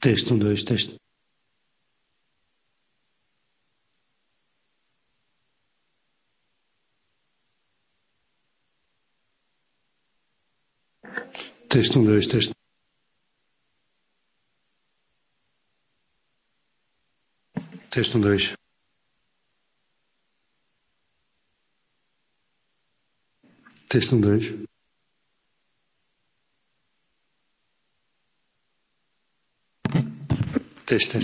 Texto um, dois, texto. Texto um, dois, texto. Texto um, dois. Texto um, dois. testen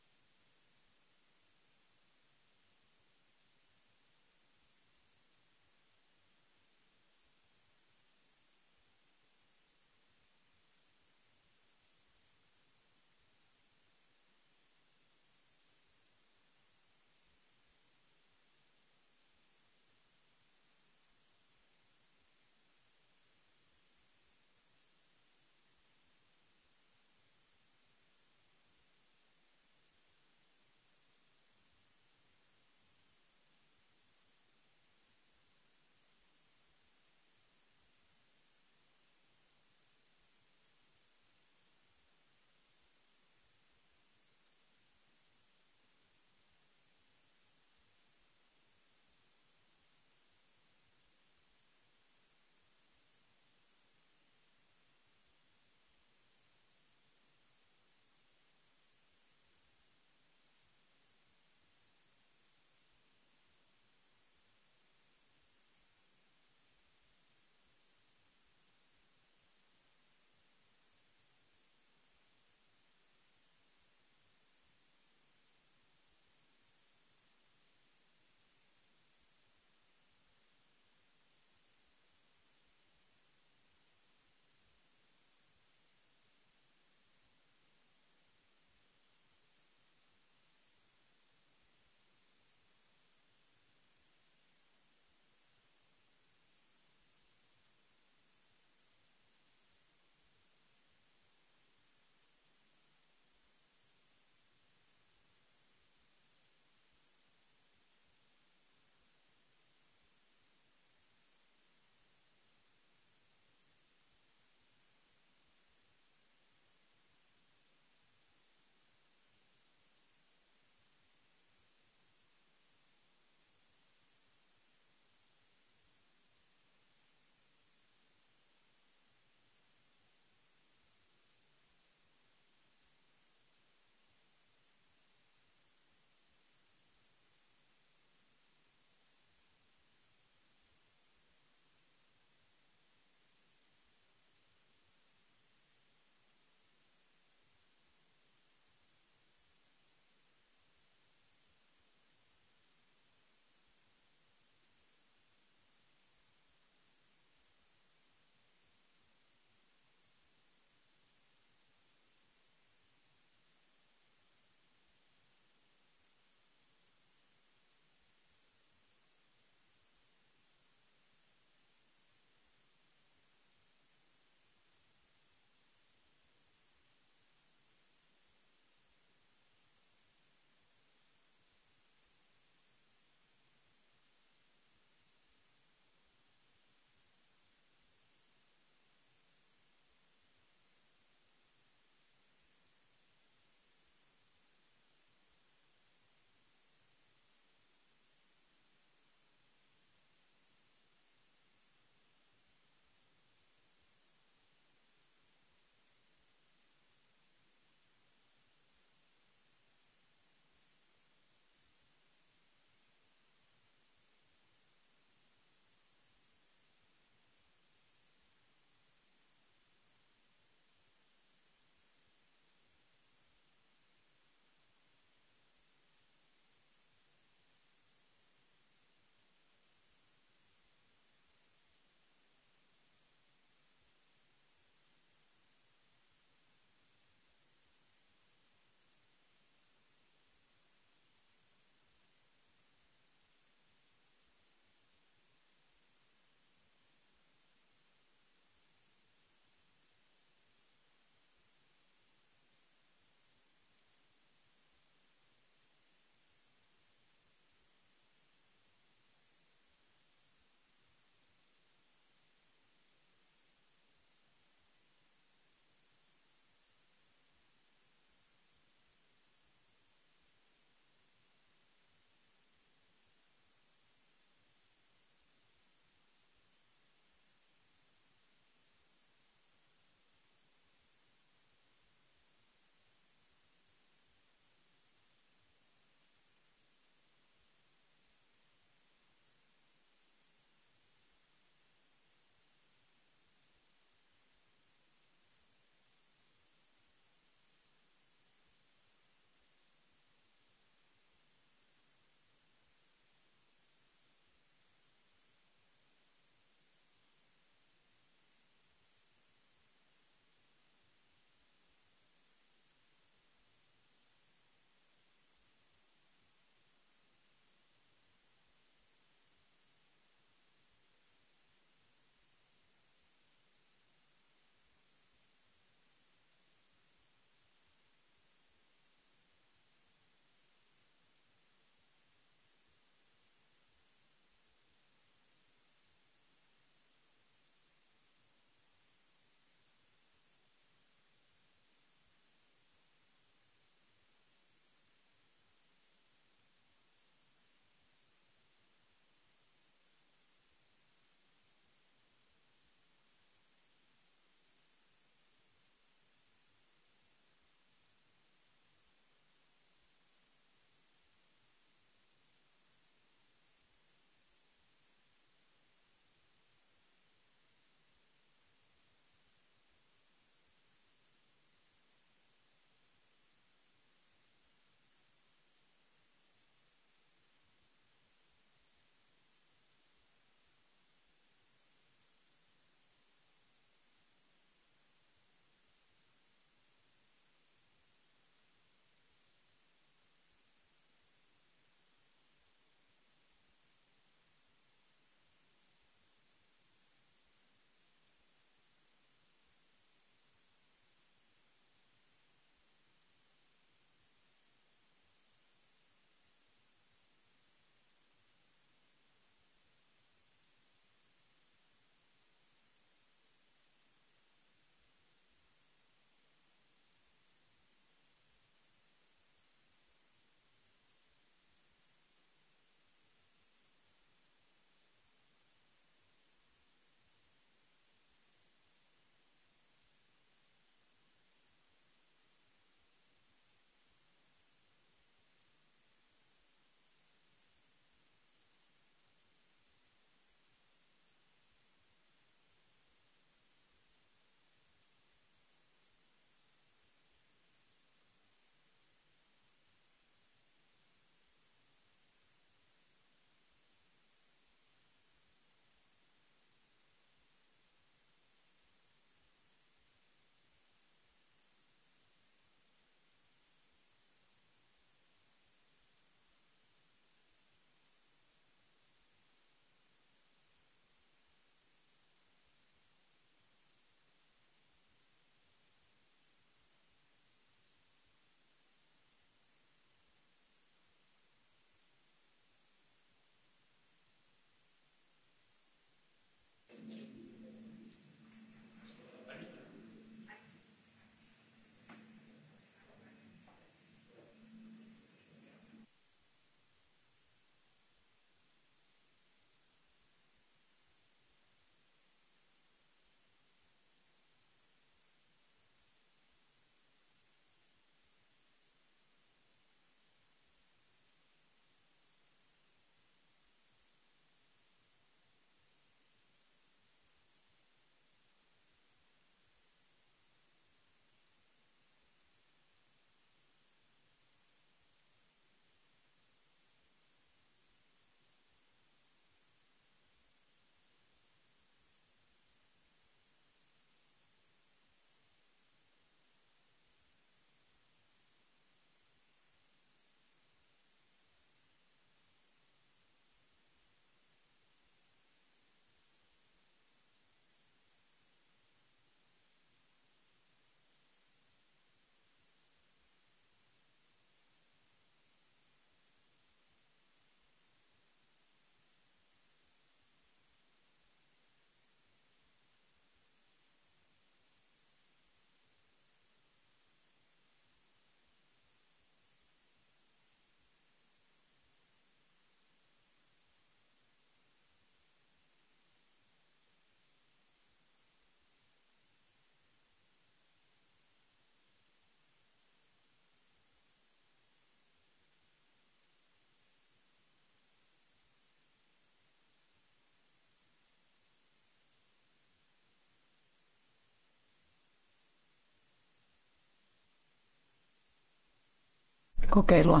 kokeilua.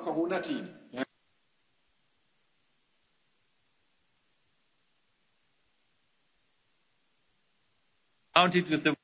aber Corona-Team. counted with the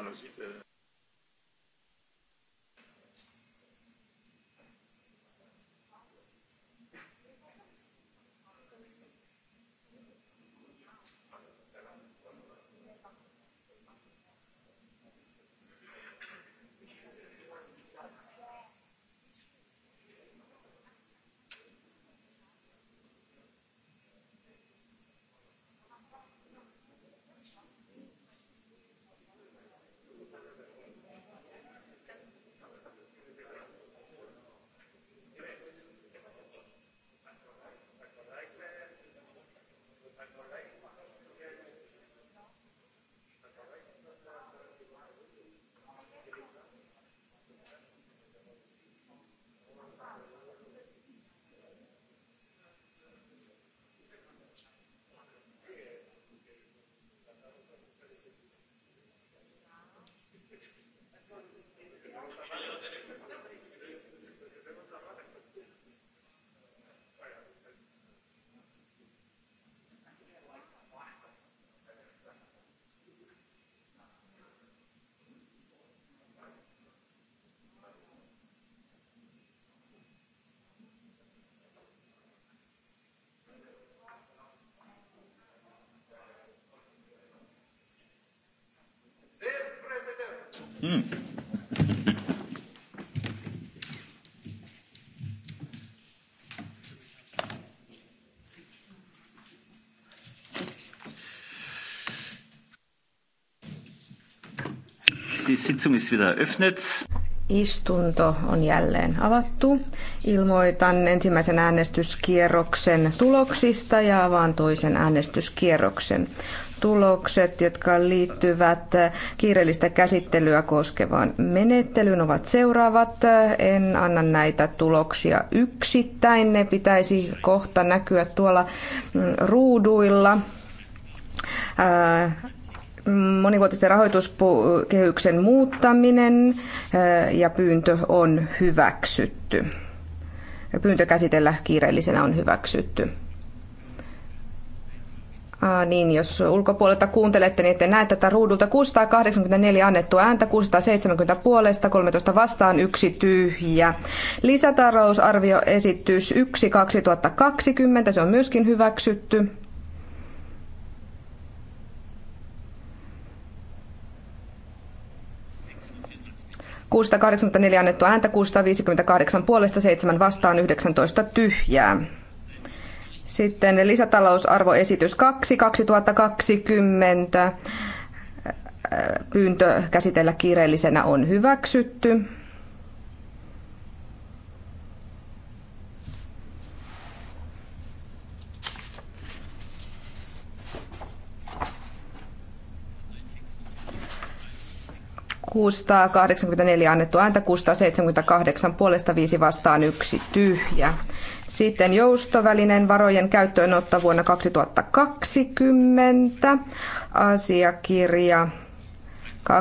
annars inte Mm. Istunto on jälleen avattu. Ilmoitan ensimmäisen äänestyskierroksen tuloksista ja avaan toisen äänestyskierroksen tulokset, jotka liittyvät kiireellistä käsittelyä koskevaan menettelyyn, ovat seuraavat. En anna näitä tuloksia yksittäin. Ne pitäisi kohta näkyä tuolla mm, ruuduilla äh, monivuotisten rahoituskehyksen muuttaminen äh, ja pyyntö on hyväksytty. Pyyntö käsitellä kiireellisenä on hyväksytty. Ah, niin, jos ulkopuolelta kuuntelette, niin ette näe tätä ruudulta. 684 annettua ääntä, 670 puolesta, 13 vastaan, yksi tyhjä. Lisätalousarvioesitys 1 2020, se on myöskin hyväksytty. Kuusta annettua ääntä, 658 puolesta, 7 vastaan, 19 tyhjää. Sitten lisätalousarvoesitys 2 2020. Pyyntö käsitellä kiireellisenä on hyväksytty. Kuusta 84 annettu ääntä, 7,8 puolesta, 5 vastaan, yksi tyhjä. Sitten joustovälinen varojen käyttöönotto vuonna 2020. Asiakirja 2020-2053.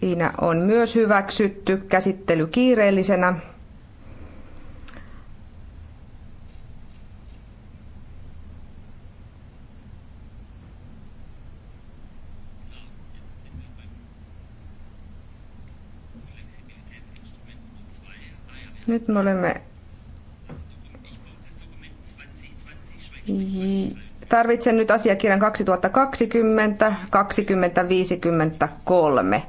Siinä on myös hyväksytty käsittely kiireellisenä. Nyt me olemme Tarvitsen nyt asiakirjan 2020 2053.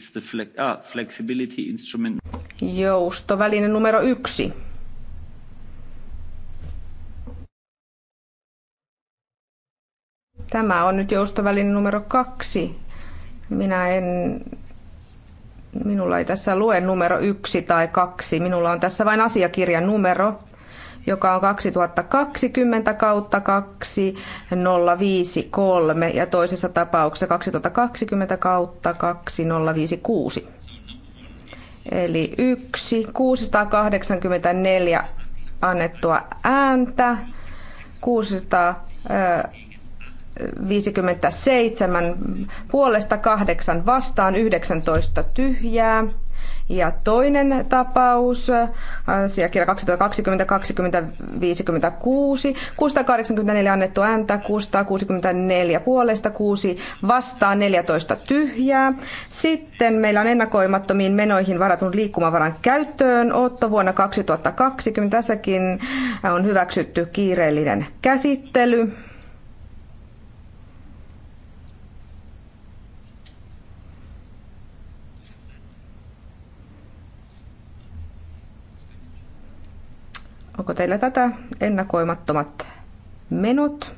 It's the fle- ah, flexibility instrument. Joustoväline numero yksi. Tämä on nyt joustoväline numero kaksi. Minä en... Minulla ei tässä lue numero yksi tai kaksi. Minulla on tässä vain asiakirjan numero joka on 2020 kautta 2053 ja toisessa tapauksessa 2020 kautta 2056. Eli yksi 684 annettua ääntä, 657 puolesta, kahdeksan vastaan, 19 tyhjää. Ja toinen tapaus, asiakirja 2020-2056, 684 annettu ääntä, 664 puolesta, 6 vastaan, 14 tyhjää. Sitten meillä on ennakoimattomiin menoihin varatun liikkumavaran käyttöön otto vuonna 2020. Tässäkin on hyväksytty kiireellinen käsittely. Onko teillä tätä ennakoimattomat menot?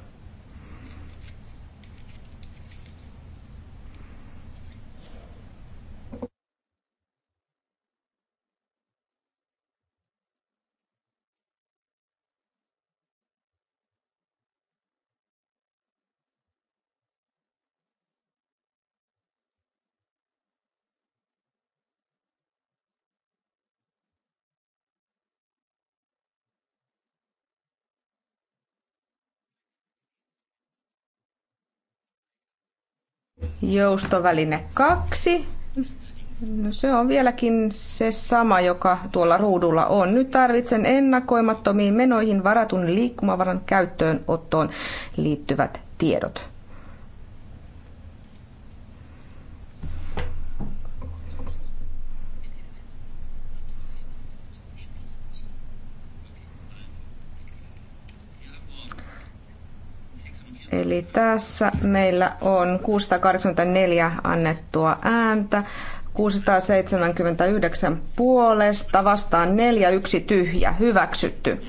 Joustoväline 2. No se on vieläkin se sama, joka tuolla ruudulla on. Nyt tarvitsen ennakoimattomiin menoihin varatun liikkumavaran käyttöönottoon liittyvät tiedot. Eli tässä meillä on 684 annettua ääntä, 679 puolesta, vastaan 4, yksi tyhjä, hyväksytty.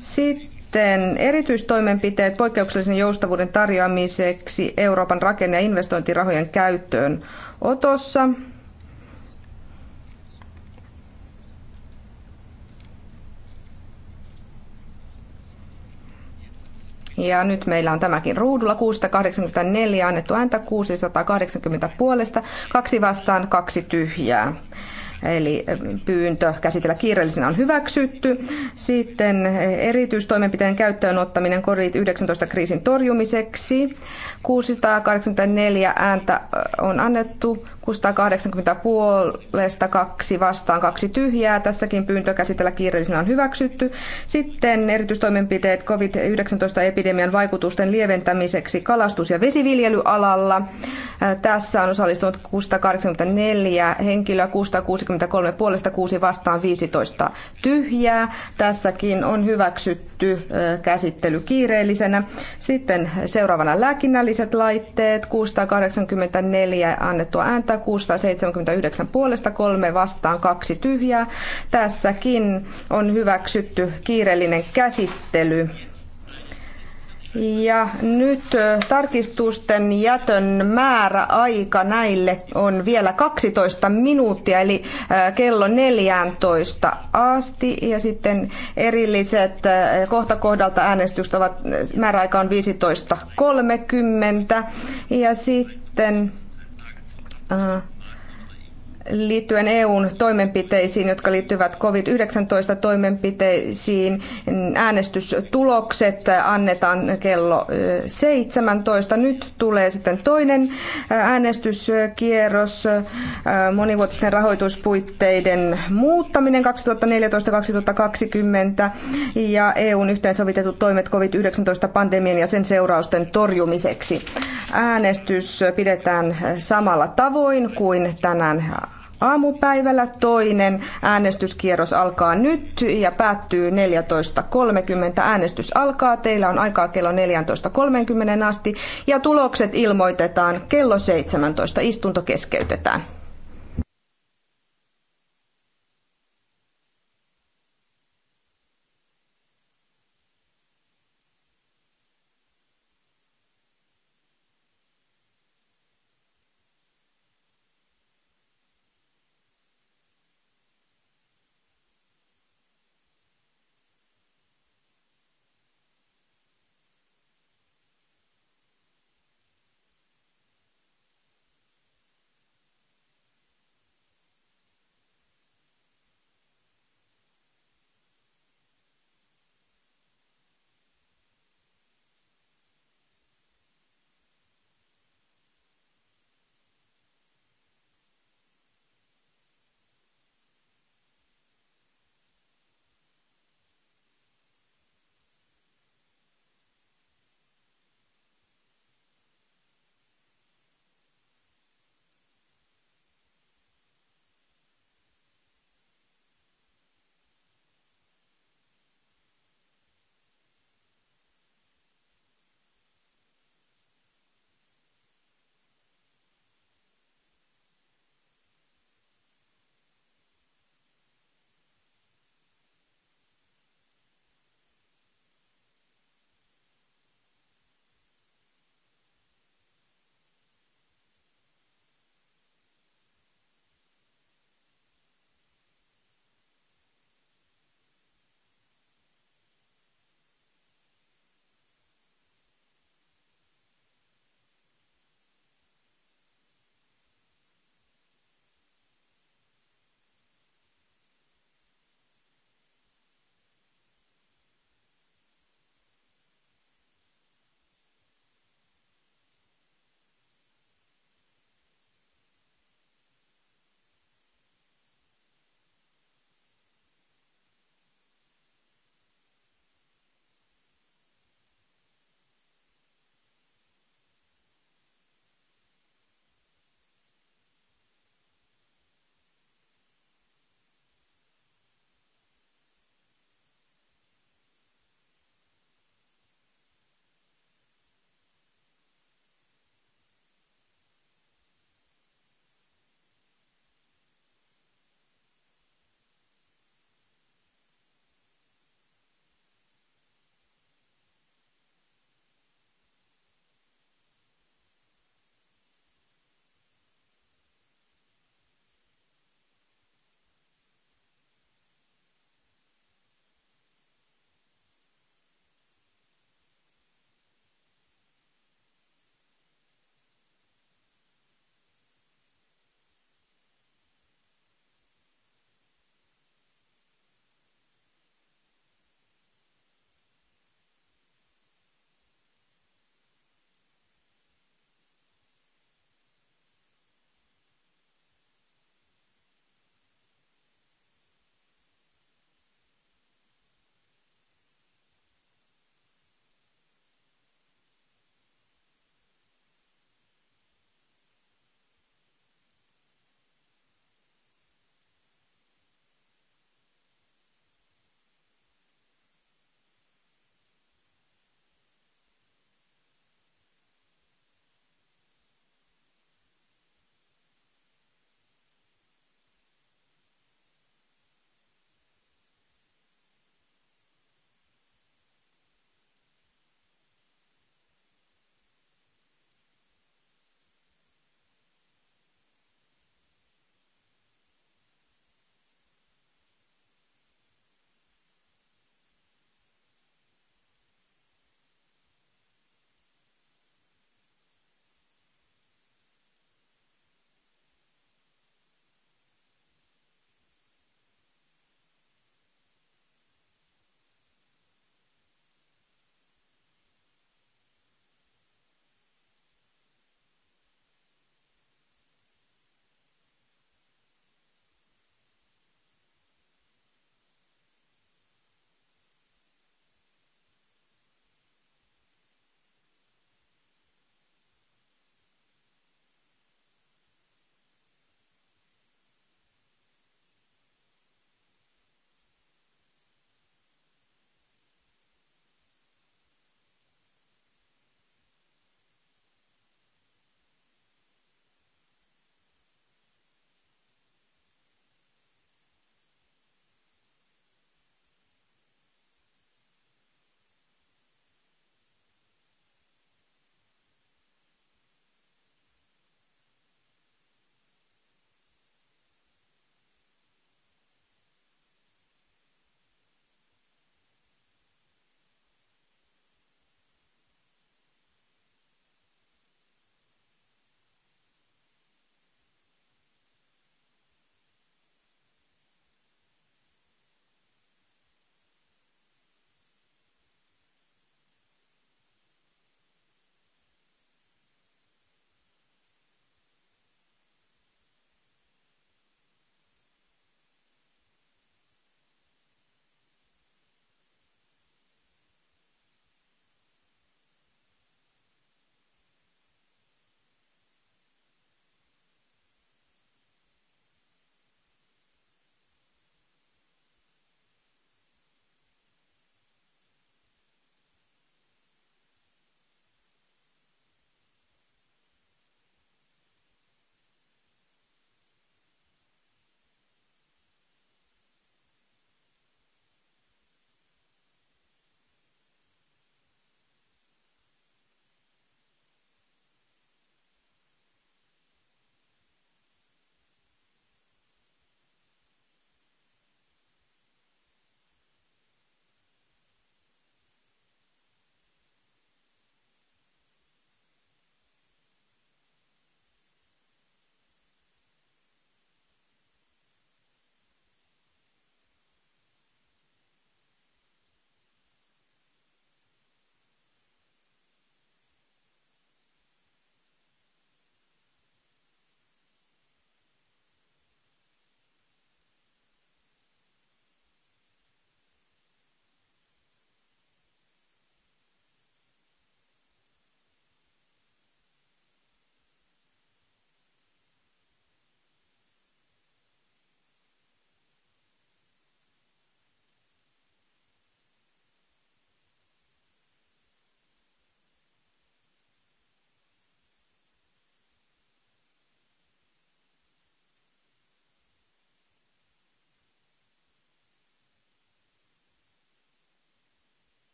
Sitten erityistoimenpiteet poikkeuksellisen joustavuuden tarjoamiseksi Euroopan rakenne- ja investointirahojen käyttöön otossa. Ja nyt meillä on tämäkin ruudulla 684 annettu ääntä 680 puolesta, kaksi vastaan, kaksi tyhjää. Eli eh, pyyntö käsitellä kiireellisenä on hyväksytty. Sitten eh, erityistoimenpiteen käyttöön ottaminen COVID-19 kriisin torjumiseksi. 684 ääntä eh, on annettu, 680 puolesta kaksi vastaan kaksi tyhjää. Tässäkin pyyntö käsitellä kiireellisenä on hyväksytty. Sitten erityistoimenpiteet COVID-19-epidemian vaikutusten lieventämiseksi kalastus- ja vesiviljelyalalla. Äh, tässä on osallistunut 684 henkilöä, 663 puolesta kuusi vastaan 15 tyhjää. Tässäkin on hyväksytty äh, käsittely kiireellisenä. Sitten seuraavana lääkinnälliset laitteet, 684 annettua ääntä 679 puolesta, kolme vastaan, kaksi tyhjää. Tässäkin on hyväksytty kiireellinen käsittely. Ja nyt tarkistusten jätön määrä aika näille on vielä 12 minuuttia, eli kello 14 asti. Ja sitten erilliset kohta kohdalta äänestykset ovat, määräaika on 15.30. Ja sitten Uh, liittyen EUn toimenpiteisiin, jotka liittyvät COVID-19 toimenpiteisiin, äänestystulokset annetaan kello 17. Eh, Nyt tulee sitten toinen eh, äänestyskierros, eh, monivuotisten rahoituspuitteiden muuttaminen 2014-2020 ja EUn yhteensovitetut toimet COVID-19-pandemian ja sen seurausten torjumiseksi. Äänestys pidetään samalla tavoin kuin tänään aamupäivällä. Toinen äänestyskierros alkaa nyt ja päättyy 14.30. Äänestys alkaa. Teillä on aikaa kello 14.30 asti ja tulokset ilmoitetaan kello 17. Istunto keskeytetään.